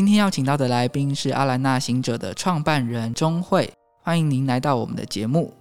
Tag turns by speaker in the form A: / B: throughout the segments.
A: 今天要請到的來賓是阿蘭那行者的創辦人中慧，歡迎您來到我們的節目。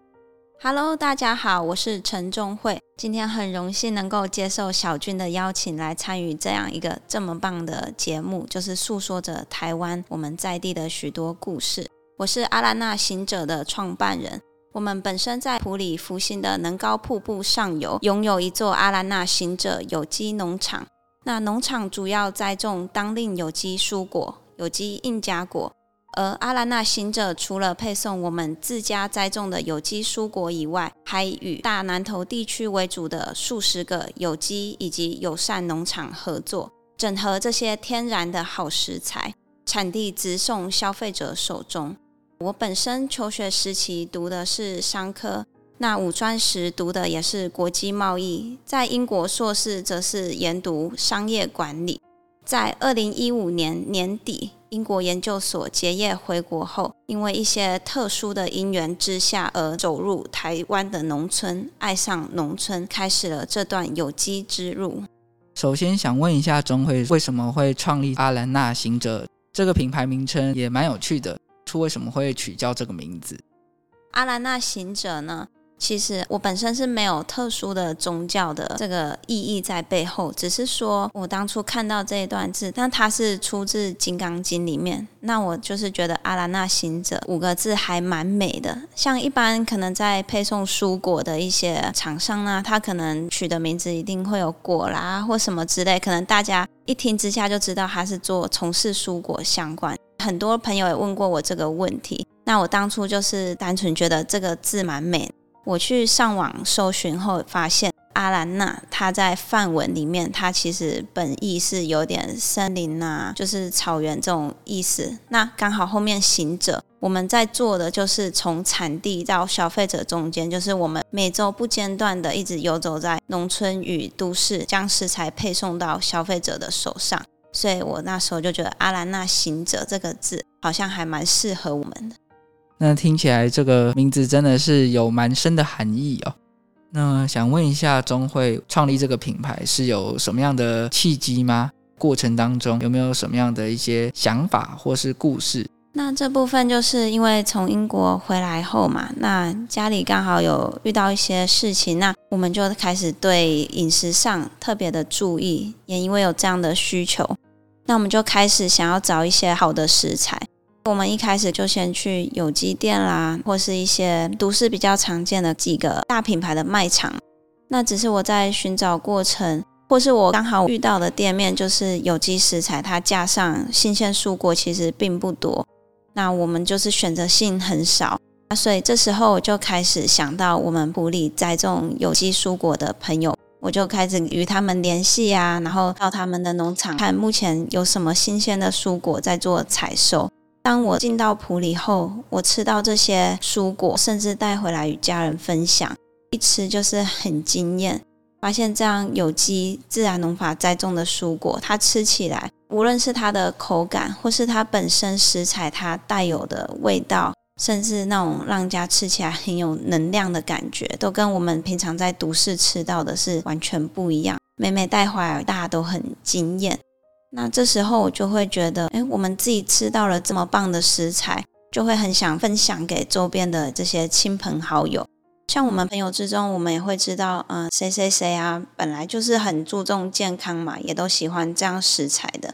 B: Hello，大家好，我是陳中慧，今天很榮幸能夠接受小鈞的邀請來參與這樣一個這麼棒的節目，就是訴說着台灣我們在地的許多故事。我是阿蘭那行者的創辦人，我們本身在埔里福興的能高瀑布上游，擁有一座阿蘭那行者有機農場。那農場主要栽種當令有機蔬果、有機印加果，而阿蘭那行者除了配送我們自家栽種的有機蔬果以外，還與大南投地區為主的數十個有機以及友善農場合作，整合這些天然的好食材，產地直送消費者手中。我本身求學時期讀的是商科。那五專時讀的也是國際貿易，在英國碩士則是研讀商業管理。在二零一五年年底，英國研究所結業回國後，因為一些特殊的因緣之下，而走入台灣的農村，愛上農村，開始了這段有機之路。
A: 首先想問一下中慧，為什麼會創立阿蘭那行者？這個品牌名稱也蠻有趣的，初為什麼會取叫這個名字？
B: 阿蘭那行者呢？其實我本身是沒有特殊的宗教的這個意義在背後，只是說我當初看到這一段字，但它是出自《金剛經》裡面，那我就是覺得“阿蘭那行者”五個字還蠻美的。像一般可能在配送蔬果的一些廠商呢、啊，他可能取的名字一定會有果啦“果”啦或什麼之類，可能大家一聽之下就知道他是做從事蔬果相關。很多朋友也問過我這個問題，那我當初就是單純覺得這個字蠻美的。我去上網搜尋後，發現阿蘭那它在梵文裡面，它其實本意是有點森林啊，就是草原這種意思。那剛好後面行者，我們在做的就是從產地到消費者中間，就是我們每周不間斷的一直游走在農村與都市，將食材配送到消費者的手上。所以我那時候就覺得阿蘭那行者這個字好像還蠻適合我們的。
A: 那聽起來這個名字真的是有蠻深的含義哦。那想問一下，中慧創立這個品牌是有什麼樣的契機嗎？過程當中有沒有什麼樣的一些想法或是故事？
B: 那這部分就是因為從英國回來後嘛，那家裡剛好有遇到一些事情，那我們就開始對飲食上特別的注意，也因為有這樣的需求，那我們就開始想要找一些好的食材。我們一開始就先去有機店啦，或是一些都市比較常見的幾個大品牌的賣場。那只是我在尋找過程，或是我剛好遇到的店面，就是有機食材，它架上新鮮蔬果其實並不多。那我們就是選擇性很少。那所以這時候我就開始想到我們埔里栽種有機蔬果的朋友，我就開始與他們聯繫啊，然後到他們的農場看目前有什麼新鮮的蔬果在做採收。當我進到埔里後，我吃到這些蔬果，甚至帶回來與家人分享，一吃就是很驚艷。發現這樣有機自然農法栽種的蔬果，它吃起來，無論是它的口感，或是它本身食材它帶有的味道，甚至那種讓人家吃起來很有能量的感覺，都跟我們平常在都市吃到的是完全不一樣。每每帶回來，大家都很驚艷。那這時候我就會覺得，哎，我們自己吃到了這麼棒的食材，就會很想分享給周邊的這些親朋好友。像我們朋友之中，我們也會知道，嗯、呃，誰誰誰啊，本來就是很注重健康嘛，也都喜歡這樣食材的。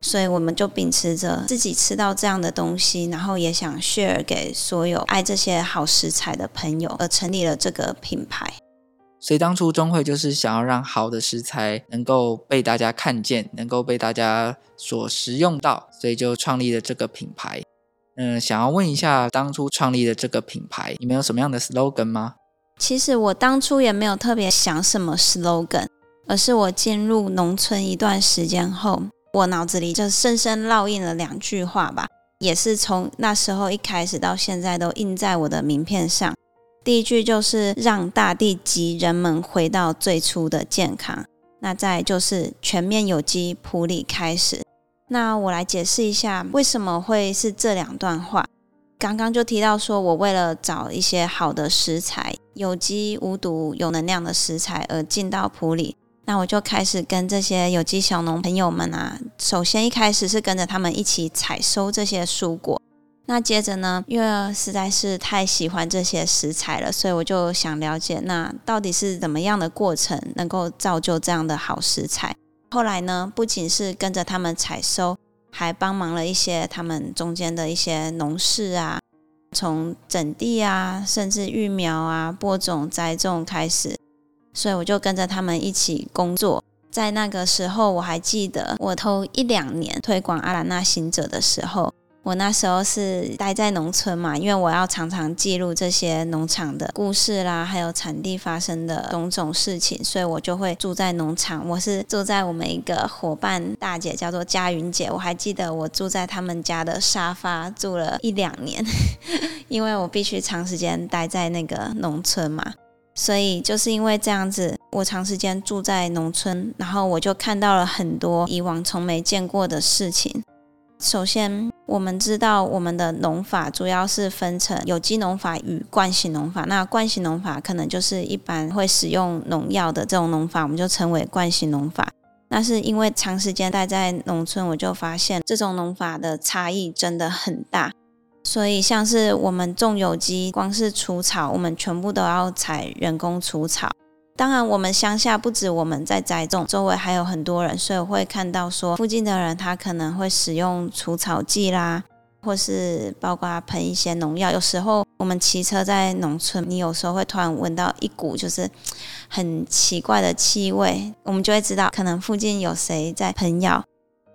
B: 所以我們就秉持着自己吃到這樣的東西，然後也想 share 給所有愛這些好食材的朋友，而成立了這個品牌。
A: 所以當初中慧就是想要讓好的食材能夠被大家看見，能夠被大家所食用到，所以就創立了這個品牌。嗯，想要問一下，當初創立的這個品牌，你們有什麼樣的 slogan 嗎？
B: 其實我當初也沒有特別想什麼 slogan，而是我進入農村一段時間後，我腦子裡就深深烙印了兩句話吧，也是從那時候一開始到現在都印在我的名片上。第一句就是讓大地及人們回到最初的健康，那再就是全面有機，埔里開始。那我來解釋一下為什麼會是這兩段話。剛剛就提到說，我為了找一些好的食材，有機無毒有能量的食材而進到埔里，那我就開始跟這些有機小農朋友們啊，首先一開始是跟着他們一起採收這些蔬果。那接着呢，因為實在是太喜歡這些食材了，所以我就想了解那到底是怎麼樣的過程能夠造就這樣的好食材。後來呢，不僅是跟着他們採收，還幫忙了一些他們中間的一些農事啊，從整地啊，甚至育苗啊、播種、栽種開始，所以我就跟着他們一起工作。在那個時候，我還記得我頭一兩年推廣阿蘭那行者的時候。我那時候是待在農村嘛，因為我要常常記錄這些農場的故事啦，還有產地發生的種種事情，所以我就會住在農場。我是住在我們一個夥伴大姐，叫做佳雲姐。我還記得我住在他們家的沙發住了一兩年，因為我必須長時間待在那個農村嘛。所以就是因為這樣子，我長時間住在農村，然後我就看到了很多以往從沒見過的事情。首先，我們知道，我們的農法主要是分成有機農法與慣性農法。那慣性農法可能就是一般會使用農藥的這種農法，我們就稱為慣性農法。那是因為長時間待在農村，我就發現這種農法的差異真的很大。所以，像是我們種有機，光是除草，我們全部都要採人工除草。當然，我們鄉下不止我們在栽種，周圍還有很多人，所以我會看到說附近的人他可能會使用除草劑啦，或是包括噴一些農藥。有時候我們騎車在農村，你有時候會突然聞到一股就是很奇怪的氣味，我們就會知道可能附近有誰在噴藥。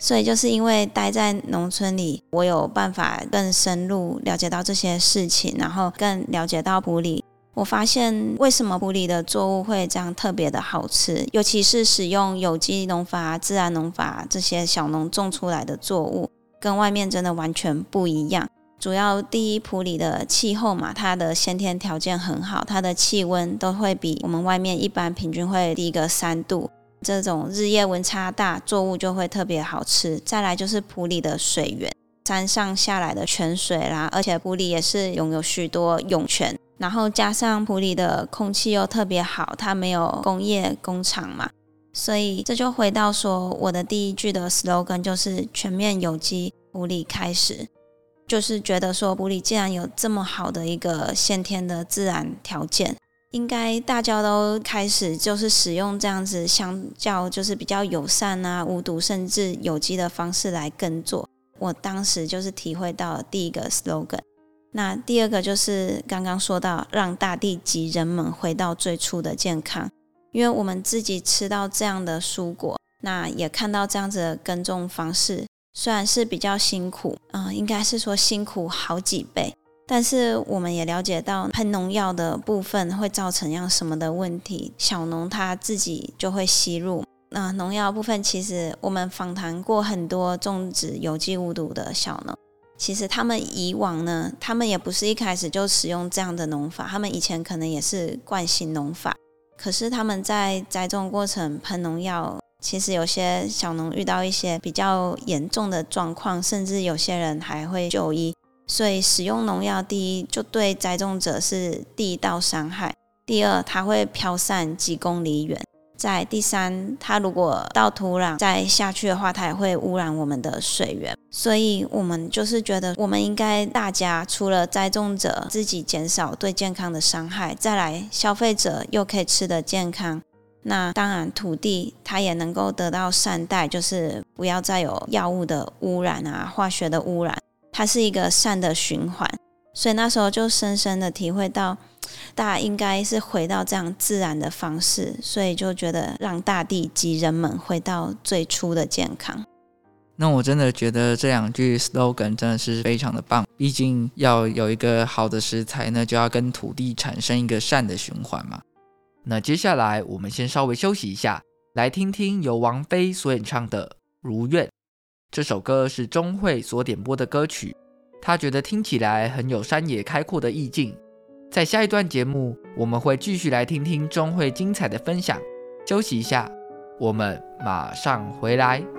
B: 所以就是因為待在農村裡，我有辦法更深入了解到這些事情，然後更了解到埔里。我發現為什麼埔里的作物會這樣特別的好吃，尤其是使用有機農法、自然農法這些小農種出來的作物，跟外面真的完全不一樣。主要第一，埔里的氣候嘛，它的先天條件很好，它的氣溫都會比我們外面一般平均會低個三度，這種日夜溫差大，作物就會特別好吃。再來就是埔里的水源，山上下來的泉水啦，而且埔里也是擁有許多湧泉。然後加上埔里的空氣又特別好，它沒有工業工廠嘛，所以這就回到說我的第一句的 slogan 就是全面有機，埔里開始，就是覺得說埔里既然有這麼好的一個先天的自然條件，應該大家都開始就是使用這樣子相較就是比較友善啊、無毒甚至有機的方式來耕作。我當時就是體會到了第一個 slogan。那第二個就是剛剛說到，讓大地及人們回到最初的健康，因為我們自己吃到這樣的蔬果，那也看到這樣子的耕種方式，雖然是比較辛苦，啊、呃，應該是說辛苦好幾倍，但是我們也了解到噴農藥的部分會造成樣什麼的問題，小農他自己就會吸入，那農藥部分其實我們訪談過很多種植有機無毒的小農。其實他們以往呢，他們也不是一開始就使用這樣的農法，他們以前可能也是慣性農法。可是他們在栽種過程噴農藥，其實有些小農遇到一些比較嚴重的狀況，甚至有些人還會就醫。所以使用農藥，第一就對栽種者是第一道傷害；第二，它會飄散幾公里遠。在第三，它如果到土壤再下去的話，它也會污染我們的水源。所以，我們就是覺得，我們應該大家除了栽種者自己減少對健康的傷害，再來消費者又可以吃得健康。那當然，土地它也能夠得到善待，就是不要再有藥物的污染啊、化學的污染。它是一個善的循環。所以那時候就深深的體會到。大家應該是回到這樣自然的方式，所以就覺得讓大地及人們回到最初的健康。
A: 那我真的覺得這兩句 slogan 真的是非常的棒，畢竟要有一個好的食材呢，就要跟土地產生一個善的循環嘛。那接下來我們先稍微休息一下，來聽聽由王菲所演唱的《如願》這首歌，是中慧所點播的歌曲，她覺得聽起來很有山野開闊的意境。在下一段節目，我們會繼續來聽聽中慧精彩的分享。休息一下，我們馬上回來。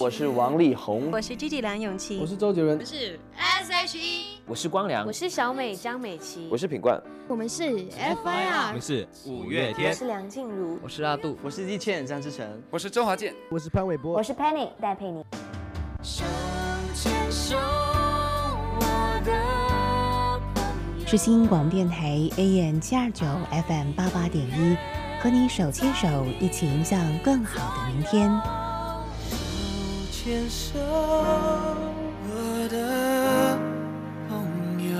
C: 我是王力宏，我是 Gigi 梁詠琪，我是周杰倫，我是 S H E，我是光良，我是小美江美琪，我是品冠，我們是 F I R，我們
B: 是五月天，我是梁靜茹，
C: 我是阿杜，我是李健張智成，我是周華健，我是潘瑋柏，我是 Penny 戴佩妮。生
B: 世新廣電台 AM 七二九 F M 八八點一，和你手牽手，一起迎向更
C: 好的明天。手牽手，我的朋友。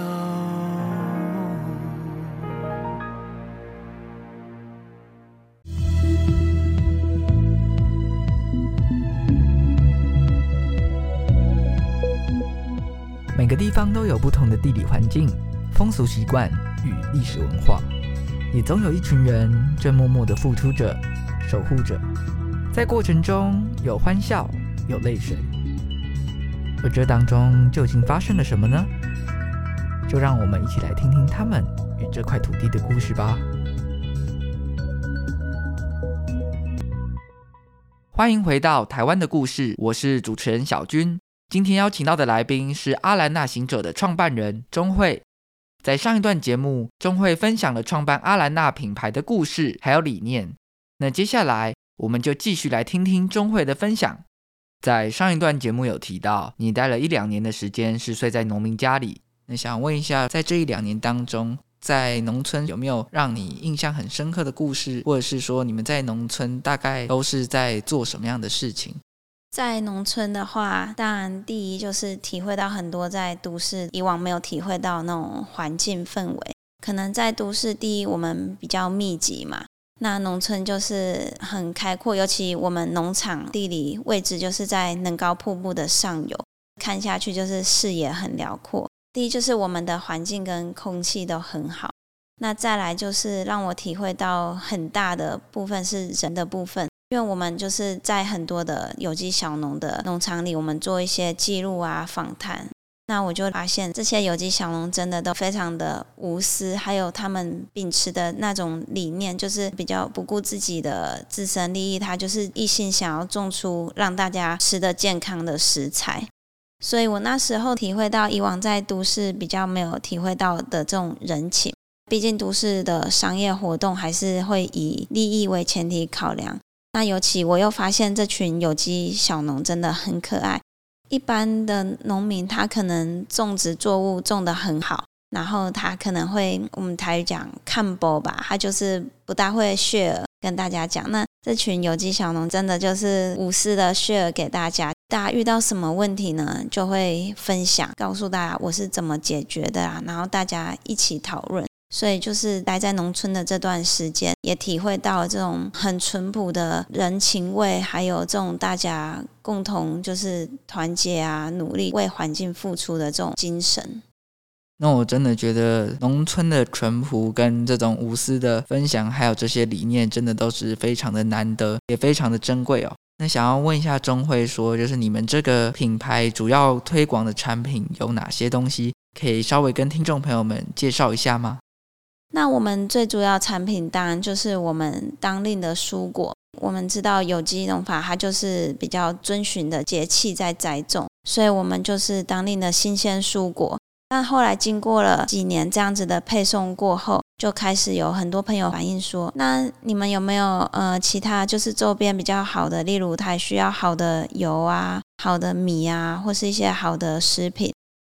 A: 每個地方都有不同的地理環境。風俗習慣與歷史文化，也總有一群人正默默的付出着、守護着，在過程中有歡笑，有淚水。而這當中究竟發生了什麼呢？就讓我們一起來聽聽他們與這塊土地的故事吧。歡迎回到《台灣的故事》，我是主持人小鈞。今天邀請到的來賓是阿蘭那行者的創辦人中慧。在上一段節目，中慧分享了創辦阿蘭那品牌的故事還有理念。那接下來，我們就繼續來聽聽中慧的分享。在上一段節目有提到，你待了一兩年的時間是睡在農民家裡。那想問一下，在這一兩年當中，在農村有沒有讓你印象很深刻的故事，或者是說你們在農村大概都是在做什麼樣的事情？
B: 在農村的話，當然第一就是體會到很多在都市以往沒有體會到那種環境氛圍。可能在都市，第一我們比較密集嘛，那農村就是很開闊。尤其我們農場地理位置就是在能高瀑布的上游，看下去就是視野很遼闊。第一就是我們的環境跟空氣都很好。那再來就是讓我體會到很大的部分是人的部分。因為我們就是在很多的有機小農的農場裡，我們做一些記錄啊、訪談，那我就發現這些有機小農真的都非常的無私，還有他們秉持的那種理念，就是比較不顧自己的自身利益，他就是一心想要種出讓大家吃得健康的食材。所以我那時候體會到以往在都市比較沒有體會到的這種人情，畢竟都市的商業活動還是會以利益為前提考量。那尤其我又發現這群有機小農真的很可愛。一般的農民他可能種植作物種得很好，然後他可能會我們台語講看播吧，他就是不大會 share 跟大家講。那這群有機小農真的就是無私的 share 給大家，大家遇到什麼問題呢，就會分享，告訴大家我是怎麼解決的啊，然後大家一起討論。所以就是待在農村的這段時間，也體會到這種很淳樸的人情味，還有這種大家共同就是團結啊、努力為環境付出的這種精神。
A: 那我真的覺得農村的淳樸跟這種無私的分享，還有這些理念，真的都是非常的難得，也非常的珍貴哦。那想要問一下中慧說，就是你們這個品牌主要推廣的產品有哪些東西？可以稍微跟聽眾朋友們介紹一下嗎？
B: 那我們最主要產品當然就是我們當令的蔬果。我們知道有機農法，它就是比較遵循的節氣在栽種，所以我們就是當令的新鮮蔬果。但後來經過了幾年這樣子的配送過後，就開始有很多朋友反映說，那你們有沒有呃其他就是周邊比較好的，例如它需要好的油啊、好的米啊，或是一些好的食品？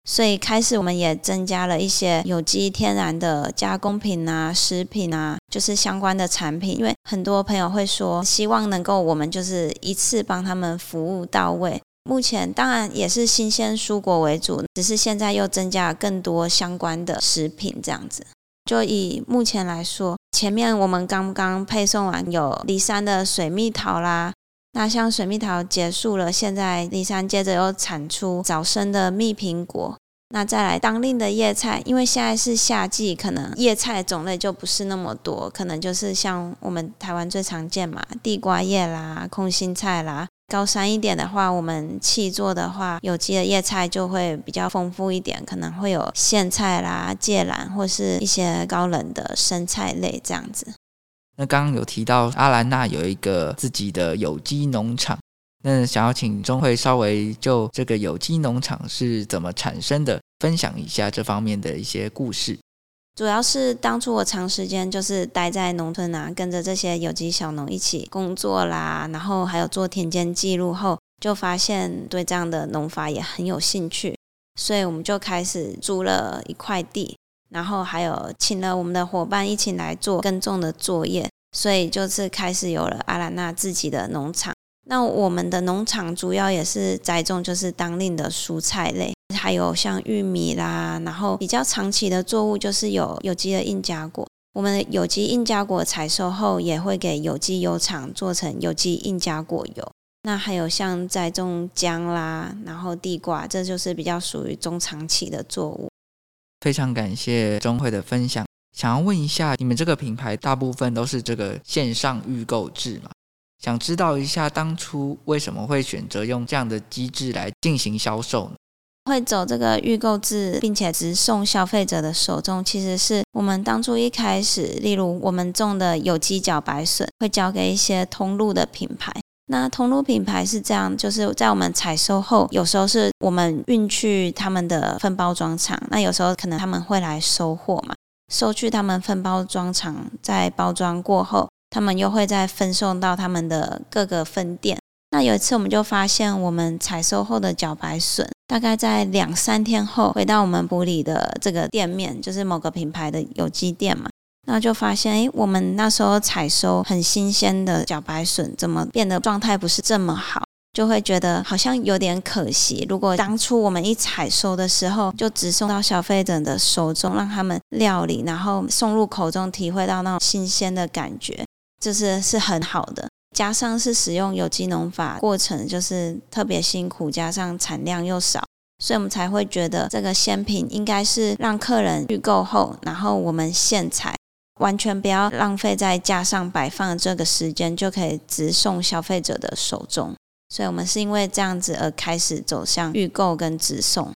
B: 所以開始我們也增加了一些有機天然的加工品啊、食品啊，就是相關的產品。因為很多朋友會說，希望能夠我們就是一次幫他們服務到位。目前當然也是新鮮蔬果為主，只是現在又增加了更多相關的食品這樣子。就以目前來說，前面我們剛剛配送完有梨山的水蜜桃啦。那像水蜜桃結束了，現在梨山接着又產出早生的蜜蘋果。那再來當令的葉菜，因為現在是夏季，可能葉菜種類就不是那麼多，可能就是像我們台灣最常見嘛，地瓜葉啦、空心菜啦。高山一點的話，我們契作的話，有機的葉菜就會比較豐富一點，可能會有莧菜啦、芥藍或是一些高冷的生菜類這樣子。
A: 那剛剛有提到阿蘭那有一個自己的有機農場，那想要請中慧稍微就這個有機農場是怎麼產生的，分享一下這方面的一些故事。
B: 主要是當初我長時間就是待在農村啊，跟着這些有機小農一起工作啦，然後還有做田間記錄後，就發現對這樣的農法也很有興趣，所以我們就開始租了一塊地。然後還有請了我們的夥伴一起來做耕種的作業，所以就是開始有了阿蘭那自己的農場。那我們的農場主要也是栽種就是當令的蔬菜類，還有像玉米啦，然後比較長期的作物就是有有機的印加果。我們有機印加果採收後也會給有機油廠做成有機印加果油。那還有像栽種薑啦，然後地瓜，這就是比較屬於中長期的作物。
A: 非常感謝中慧的分享。想要問一下，你們這個品牌大部分都是這個線上預購制嗎？想知道一下當初為什麼會選擇用這樣的機制來進行銷售呢？
B: 會走這個預購制，並且直送消費者的手中，其實是我們當初一開始，例如我們種的有機茭白筍，會交給一些通路的品牌。那通路品牌是這樣，就是在我們採收後，有時候是我們運去他們的分包裝廠，那有時候可能他們會來收貨嘛，收去他們分包裝廠，在包裝過後，他們又會再分送到他們的各個分店。那有一次我們就發現，我們採收後的茭白筍，大概在兩三天後回到我們埔里的這個店面，就是某個品牌的有機店嘛。那就發現，哎，我們那時候採收很新鮮的茭白筍，怎麼變得狀態不是這麼好？就會覺得好像有點可惜。如果當初我們一採收的時候，就直送到消費者的手中，讓他們料理，然後送入口中，體會到那種新鮮的感覺，這、就是是很好的。加上是使用有機農法，過程就是特別辛苦，加上產量又少，所以我們才會覺得這個鮮品應該是讓客人預購後，然後我們現採。完全不要浪費在架上擺放這個時間，就可以直送消費者的手中。所以，我們是因為這樣子而開始走向預購跟直送。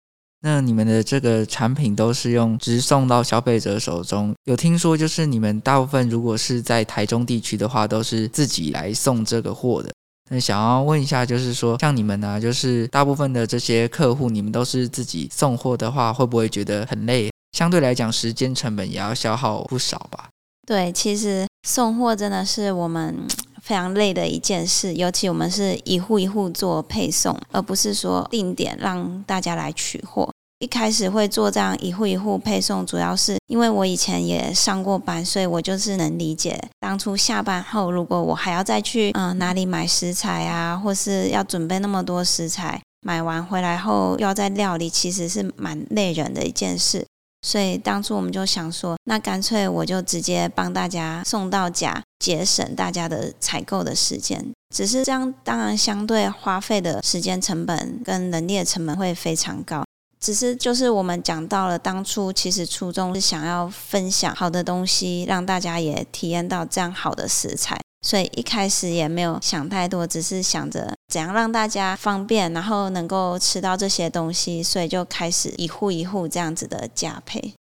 A: 那你們的這個產品都是用直送到消費者手中？有聽說就是你們大部分如果是在台中地區的話，都是自己來送這個貨的。那想要問一下，就是說像你們呢、啊，就是大部分的這些客戶，你們都是自己送貨的話，會不會覺得很累？相對來講，時間成本也要消耗不少吧？
B: 對，其實送貨真的是我們非常累的一件事，尤其我們是一戶一戶做配送，而不是說定點讓大家來取貨。一開始會做這樣一戶一戶配送，主要是因為我以前也上過班，所以我就是能理解，當初下班後如果我還要再去嗯、呃、哪裡買食材啊，或是要準備那麼多食材，買完回來後要再料理，其實是蠻累人的一件事。所以當初我們就想說，那乾脆我就直接幫大家送到家，節省大家的採購的時間。只是這樣，當然相對花費的時間成本跟人力的成本會非常高。只是就是我們講到了當初，其實初衷是想要分享好的東西，讓大家也體驗到這樣好的食材。所以一開始也沒有想太多，只是想着怎樣讓大家方便，然後能夠吃到這些東西，所以就開始一戶一戶這樣子的加配。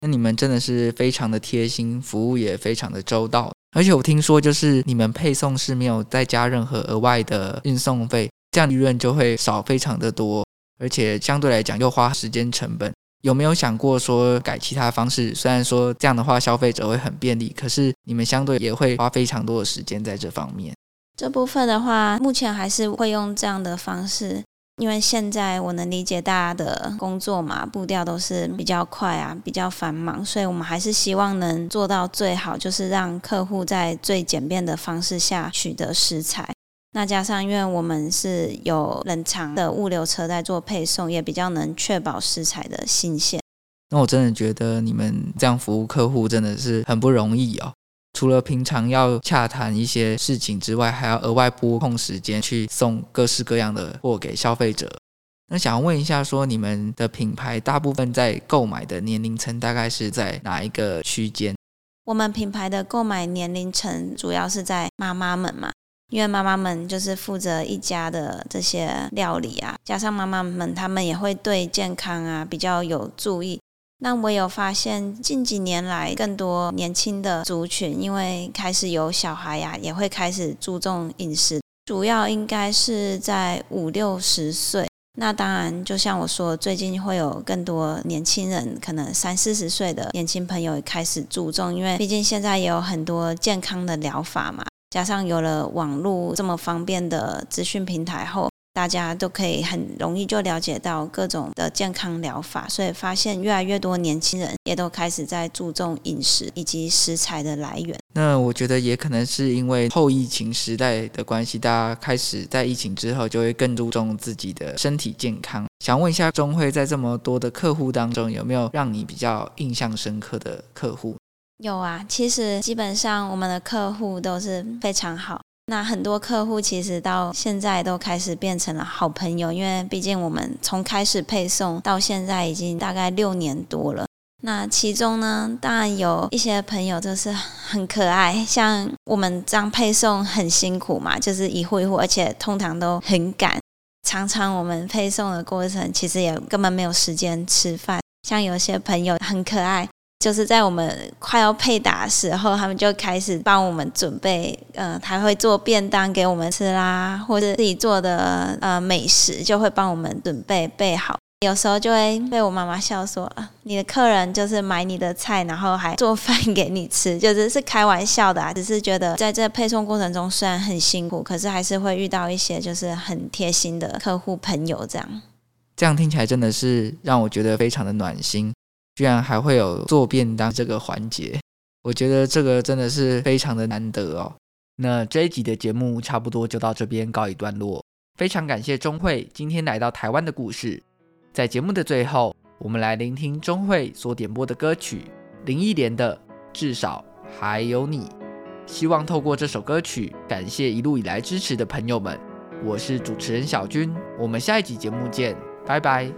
A: 那你們真的是非常的貼心，服務也非常的周到。而且我聽說，就是你們配送是沒有再加任何額外的運送費，這樣利潤就會少非常的多，而且相對來講又花時間成本。有沒有想過說改其他的方式？雖然說這樣的話消費者會很便利，可是你們相對也會花非常多的時間在這方面。
B: 這部分的話，目前還是會用這樣的方式，因為現在我能理解大家的工作嘛，步調都是比較快啊，比較繁忙，所以我們還是希望能做到最好，就是讓客戶在最簡便的方式下取得食材。那加上，因為我們是有冷藏的物流車在做配送，也比較能確保食材的新鮮。
A: 那我真的覺得你們這樣服務客戶真的是很不容易哦。除了平常要洽談一些事情之外，還要額外撥空時間去送各式各樣的貨給消費者。那想問一下說，你們的品牌大部分在購買的年齡層大概是在哪一個區間？
B: 我們品牌的購買年齡層主要是在媽媽們嘛。因為媽媽們就是負責一家的這些料理啊，加上媽媽們她們也會對健康啊比較有注意。那我有發現近幾年來，更多年輕的族群，因為開始有小孩呀、啊，也會開始注重飲食。主要應該是在五六十歲。那當然，就像我說，最近會有更多年輕人，可能三四十歲的年輕朋友也開始注重，因為畢竟現在也有很多健康的療法嘛。加上有了網絡這麼方便的資訊平台後，大家都可以很容易就了解到各種的健康療法，所以發現越來越多年輕人也都開始在注重飲食以及食材的來源。
A: 那我覺得也可能是因為後疫情時代的關係，大家開始在疫情之後就會更注重自己的身體健康。想問一下，中慧在這麼多的客戶當中，有沒有讓你比較印象深刻的客戶？
B: 有啊，其實基本上我們的客戶都是非常好。那很多客戶其實到現在都開始變成了好朋友，因為畢竟我們從開始配送到現在已經大概六年多了。那其中呢，當然有一些朋友就是很可愛，像我們這樣配送很辛苦嘛，就是一戶一戶，而且通常都很趕。常常我們配送的過程其實也根本沒有時間吃飯。像有些朋友很可愛。就是在我們快要配達的時候，他們就開始幫我們準備，嗯、呃，他會做便當給我們吃啦，或者自己做的呃美食就會幫我們準備備好。有時候就會被我媽媽笑說：“啊，你的客人就是買你的菜，然後還做飯給你吃，就是是開玩笑的，啊，只是覺得在這配送過程中雖然很辛苦，可是還是會遇到一些就是很貼心的客戶朋友這樣。”
A: 這樣聽起來真的是讓我覺得非常的暖心。居然還會有做便當這個環節，我覺得這個真的是非常的難得哦。那這一集的節目差不多就到這邊告一段落，非常感謝中慧今天來到台灣的故事。在節目的最後，我們來聆聽中慧所點播的歌曲，林憶蓮的《至少還有你》，希望透過這首歌曲感謝一路以來支持的朋友們。我是主持人小鈞，我們下一集節目見，拜拜。